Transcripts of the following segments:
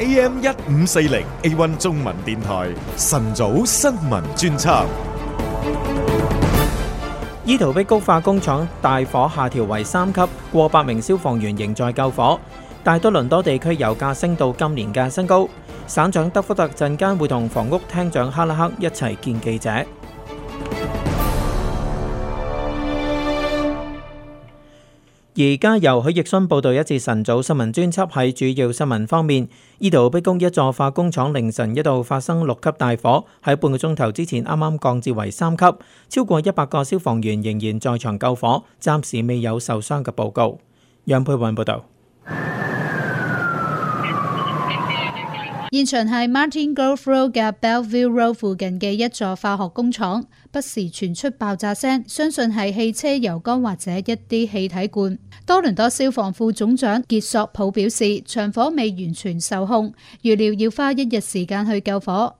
AM 一五四零 A One 中文電台晨早新聞專輯，怡陶碧谷化工廠大火下調為三級，過百名消防員仍在救火。大多倫多地區油價升到今年嘅新高，省長德福特陣間會同房屋廳長哈拉克一齊見記者。而家由許奕迅報道，一次晨早新聞專輯喺主要新聞方面，印度北宮一座化工廠凌晨一度發生六級大火，喺半個鐘頭之前啱啱降至為三級，超過一百個消防員仍然在場救火，暫時未有受傷嘅報告。楊佩雯報道。現場係 Martin Grove Road 嘅 Bellevue Road 附近嘅一座化學工廠，不時傳出爆炸聲，相信係汽車油缸或者一啲氣體罐。多倫多消防副總長傑索普表示，場火未完全受控，預料要花一日時間去救火。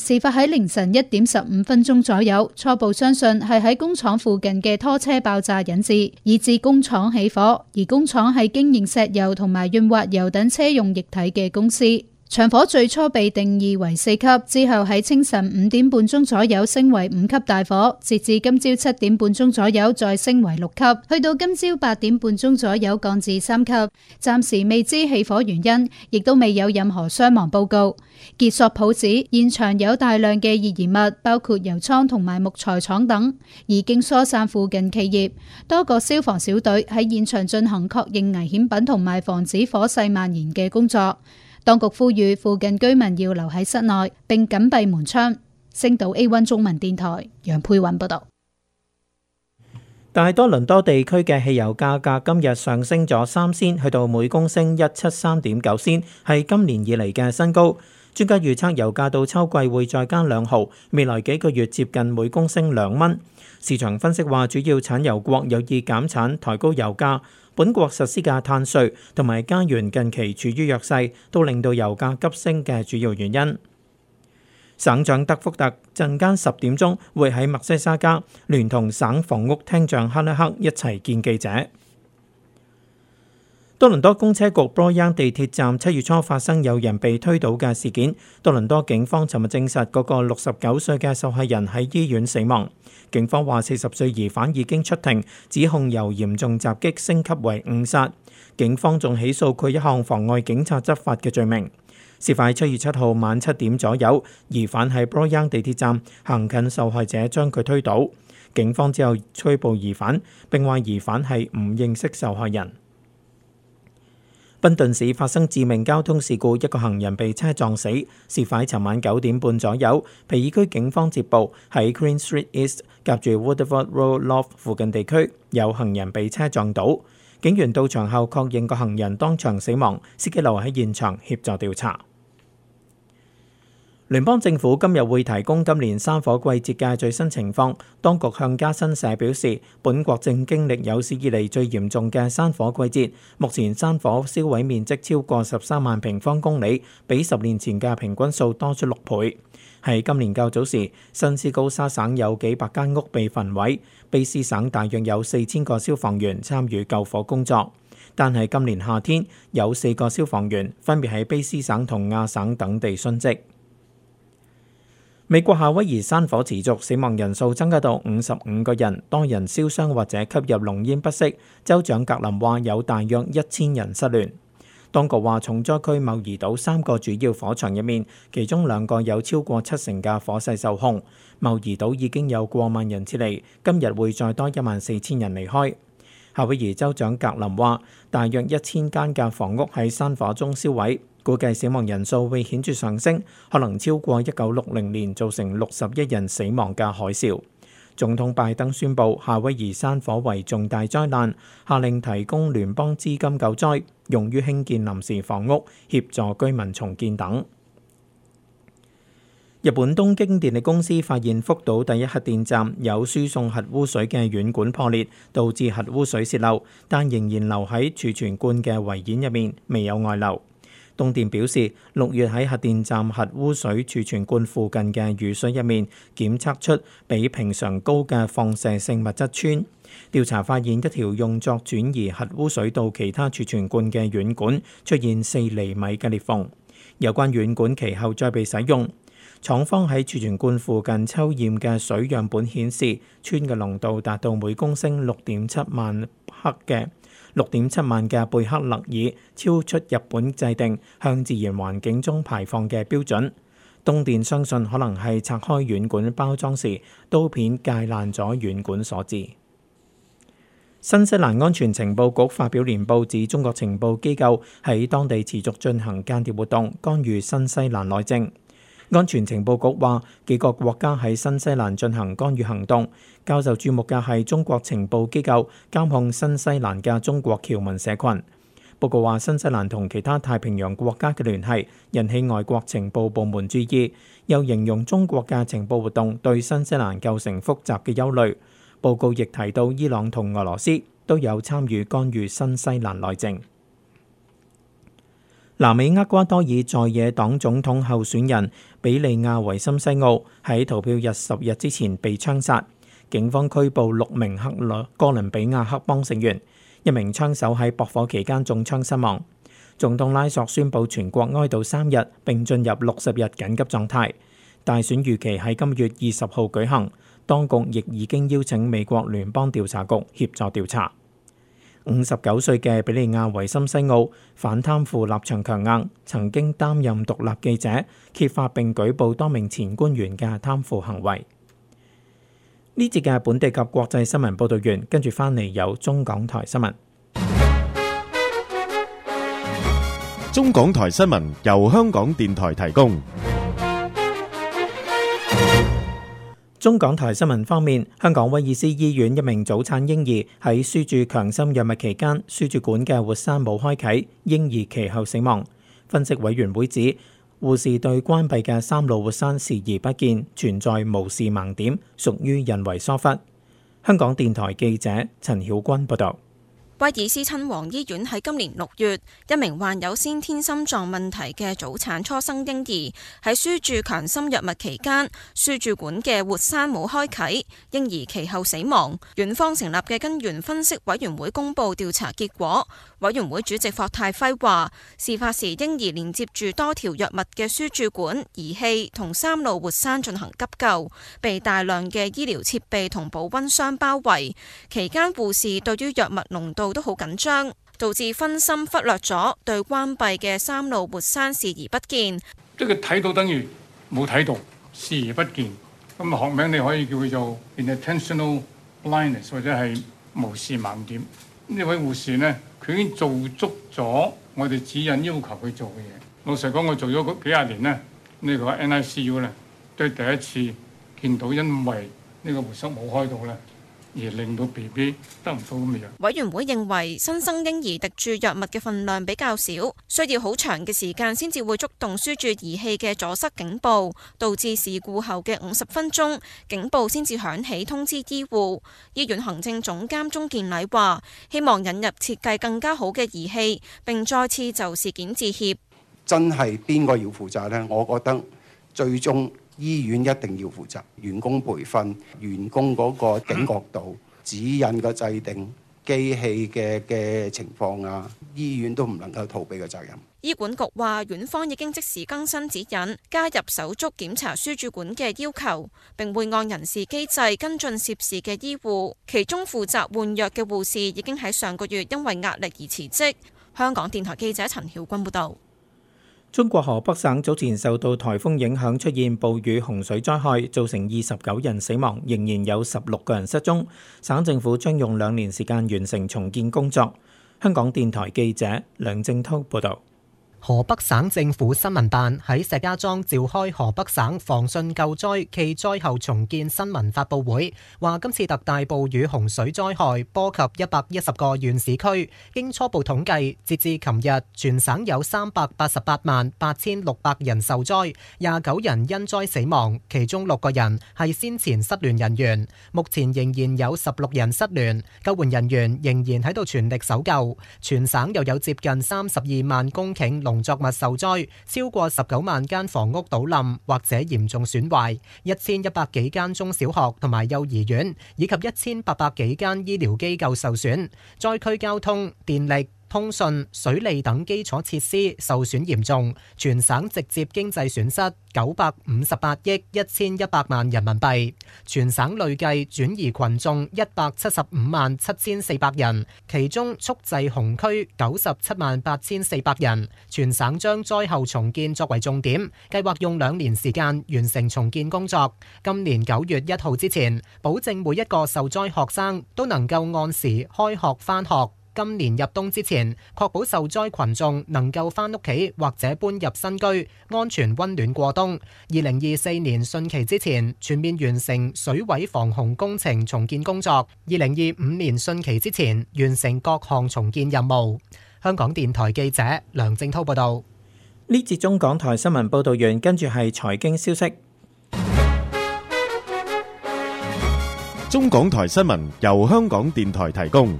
事發喺凌晨一點十五分鐘左右，初步相信係喺工廠附近嘅拖車爆炸引致，以致工廠起火。而工廠係經營石油同埋潤滑油等車用液體嘅公司。場火最初被定義為四級，之後喺清晨五點半鐘左右升為五級大火，截至今朝七點半鐘左右再升為六級，去到今朝八點半鐘左右降至三級。暫時未知起火原因，亦都未有任何傷亡報告。傑索普指現場有大量嘅易燃物，包括油倉同埋木材廠等，已經疏散附近企業。多個消防小隊喺現場進行確認危險品同埋防止火勢蔓延嘅工作。當局呼籲附近居民要留喺室內，並緊閉門窗。星島 A1 中文電台楊佩韻報道。大多倫多地區嘅汽油價格今日上升咗三仙，去到每公升一七三點九仙，係今年以嚟嘅新高。專家預測油價到秋季會再加兩毫，未來幾個月接近每公升兩蚊。市場分析話，主要產油國有意減產抬高油價，本國實施嘅碳稅同埋加元近期處於弱勢，都令到油價急升嘅主要原因。省長德福特陣間十點鐘會喺墨西沙加聯同省房屋廳長克拉克一齊見記者。多倫多公車局 Bloor-Yonge 地鐵站七月初發生有人被推倒嘅事件，多倫多警方尋日證實，嗰個六十九歲嘅受害人喺醫院死亡。警方話，四十歲疑犯已經出庭，指控由嚴重襲擊升級為誤殺。警方仲起訴佢一項妨礙警察執法嘅罪名。事發喺七月七號晚七點左右，疑犯喺 Bloor-Yonge 地鐵站行近受害者，將佢推倒。警方之後拘捕疑犯，並話疑犯係唔認識受害人。賓頓市發生致命交通事故，一個行人被車撞死。事發尋晚九點半左右，皮爾區警方接報喺 Queen Street East 夾住 Woodford Road Loft 附近地區，有行人被車撞倒。警員到場後確認個行人當場死亡，司機留喺現場協助調查。聯邦政府今日會提供今年山火季節嘅最新情況。當局向加新社表示，本國正經歷有史以嚟最嚴重嘅山火季節。目前山火燒毀面積超過十三萬平方公里，比十年前嘅平均數多出六倍。喺今年較早時，新斯高沙省有幾百間屋被焚毀。卑斯省大約有四千個消防員參與救火工作，但係今年夏天有四個消防員分別喺卑斯省同亞省等地殉職。美國夏威夷山火持續，死亡人數增加到五十五個人，多人燒傷或者吸入濃煙不適。州長格林話有大約一千人失聯。當局話重災區茂宜島三個主要火場入面，其中兩個有超過七成嘅火勢受控。茂宜島已經有過萬人撤離，今日會再多一萬四千人離開。夏威夷州長格林話，大約一千間嘅房屋喺山火中燒毀，估計死亡人數會顯著上升，可能超過一九六零年造成六十一人死亡嘅海嘯。總統拜登宣布夏威夷山火為重大災難，下令提供聯邦資金救災，用於興建臨時房屋、協助居民重建等。日本東京電力公司發現福島第一核電站有輸送核污水嘅軟管破裂，導致核污水泄漏，但仍然留喺儲存罐嘅圍堰入面，未有外流。東電表示，六月喺核電站核污水儲存罐附近嘅雨水入面檢測出比平常高嘅放射性物質。穿調查發現一條用作轉移核污水到其他儲存罐嘅軟管出現四厘米嘅裂縫，有關軟管其後再被使用。廠方喺儲存罐附近抽驗嘅水樣本顯示，氚嘅濃度達到每公升六點七萬克嘅六點七萬嘅貝克勒爾，超出日本制定向自然環境中排放嘅標準。東電相信可能係拆開軟管包裝時刀片界爛咗軟管所致。新西蘭安全情報局發表憲報指，指中國情報機構喺當地持續進行間諜活動，干預新西蘭內政。安全情報局話幾個國家喺新西蘭進行干預行動，較受注目嘅係中國情報機構監控新西蘭嘅中國僑民社群。報告話新西蘭同其他太平洋國家嘅聯繫引起外國情報部門注意，又形容中國嘅情報活動對新西蘭構成複雜嘅憂慮。報告亦提到伊朗同俄羅斯都有參與干預新西蘭內政。南美厄瓜多爾在野黨總統候選人比利亞維森西奧喺投票日十日之前被槍殺，警方拘捕六名克里哥倫比亞黑幫成員，一名槍手喺駁火期間中槍身亡。總統拉索宣布全國哀悼三日，並進入六十日緊急狀態。大選預期喺今月二十號舉行，當局亦已經邀請美國聯邦調查局協助調查。五十九歲嘅比利亞維森西奧反貪腐立場強硬，曾經擔任獨立記者，揭發並舉報多名前官員嘅貪腐行為。呢節嘅本地及國際新聞報道完，跟住翻嚟有中港台新聞。中港台新聞由香港電台提供。中港台新聞方面，香港威爾斯醫院一名早產嬰兒喺輸注強心藥物期間，輸注管嘅活塞冇開啓，嬰兒其後死亡。分析委員會指，護士對關閉嘅三路活塞視而不見，存在無視盲點，屬於人為疏忽。香港電台記者陳曉君報導。威爾斯親王醫院喺今年六月，一名患有先天心臟問題嘅早產初生嬰兒喺輸注強心藥物期間，輸注管嘅活塞冇開啓，嬰兒其後死亡。院方成立嘅根源分析委員會公佈調查結果，委員會主席霍泰輝話：事發時嬰兒連接住多條藥物嘅輸注管儀器同三路活塞進行急救，被大量嘅醫療設備同保溫箱包圍，期間護士對於藥物濃度都好緊張，導致分心忽略咗，對關閉嘅三路活塞視而不見，即佢睇到等於冇睇到，視而不見。咁、嗯、學名你可以叫佢做 inattentional blindness 或者係無視盲點。呢位護士呢，佢已經做足咗我哋指引要求佢做嘅嘢。老實講，我做咗嗰幾廿年咧，這個、呢個 NICU 咧，都第一次見到因為呢個活塞冇開到啦。而令到 B B 得唔到氧。委員會認為新生嬰兒滴注藥物嘅份量比較少，需要好長嘅時間先至會觸動輸注儀器嘅阻塞警報，導致事故後嘅五十分鐘警報先至響起通知醫護。醫院行政總監鍾健禮話希望引入設計更加好嘅儀器，並再次就事件致歉。真係邊個要負責咧？我覺得最終。醫院一定要負責員工培訓、員工嗰個警覺度、指引嘅制定、機器嘅嘅情況啊！醫院都唔能夠逃避嘅責任。醫管局話，院方已經即時更新指引，加入手足檢查輸注管嘅要求，並會按人事機制跟進涉事嘅醫護。其中負責換藥嘅護士已經喺上個月因為壓力而辭職。香港電台記者陳曉君報導。中國河北省早前受到台風影響，出現暴雨洪水災害，造成二十九人死亡，仍然有十六個人失蹤。省政府將用兩年時間完成重建工作。香港電台記者梁正濤報道。河北省政府新聞辦喺石家莊召開河北省防汛救災暨災後重建新聞發布會，話今次特大暴雨洪水災害波及一百一十個縣市區，經初步統計，截至琴日，全省有三百八十八萬八千六百人受災，廿九人因災死亡，其中六個人係先前失聯人員，目前仍然有十六人失聯，救援人員仍然喺度全力搜救，全省又有接近三十二萬公頃，農作物受災，超過十九萬間房屋倒冧或者嚴重損壞，一千一百幾間中小學同埋幼兒園，以及一千八百幾間醫療機構受損。災區交通、電力、通信、水利等基礎設施受損嚴重，全省直接經濟損失九百五十八億一千一百萬人民幣，全省累計轉移群眾一百七十五萬七千四百人，其中蓄滯洪區九十七萬八千四百人。全省將災後重建作為重點，計劃用兩年時間完成重建工作。今年九月一號之前，保證每一個受災學生都能夠按時開學返學。今年入冬之前，確保受災羣眾能夠返屋企或者搬入新居，安全温暖過冬。二零二四年汛期之前，全面完成水位防洪工程重建工作。二零二五年汛期之前，完成各項重建任務。香港電台記者梁正滔報道。呢節中港台新聞報道完跟住係財經消息。中港台新聞由香港電台提供。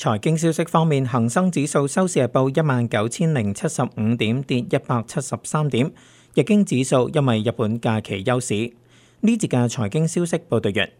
財經消息方面，恒生指數收市日報一萬九千零七十五點，跌一百七十三點。日經指數因為日本假期休市。呢節嘅財經消息報道完。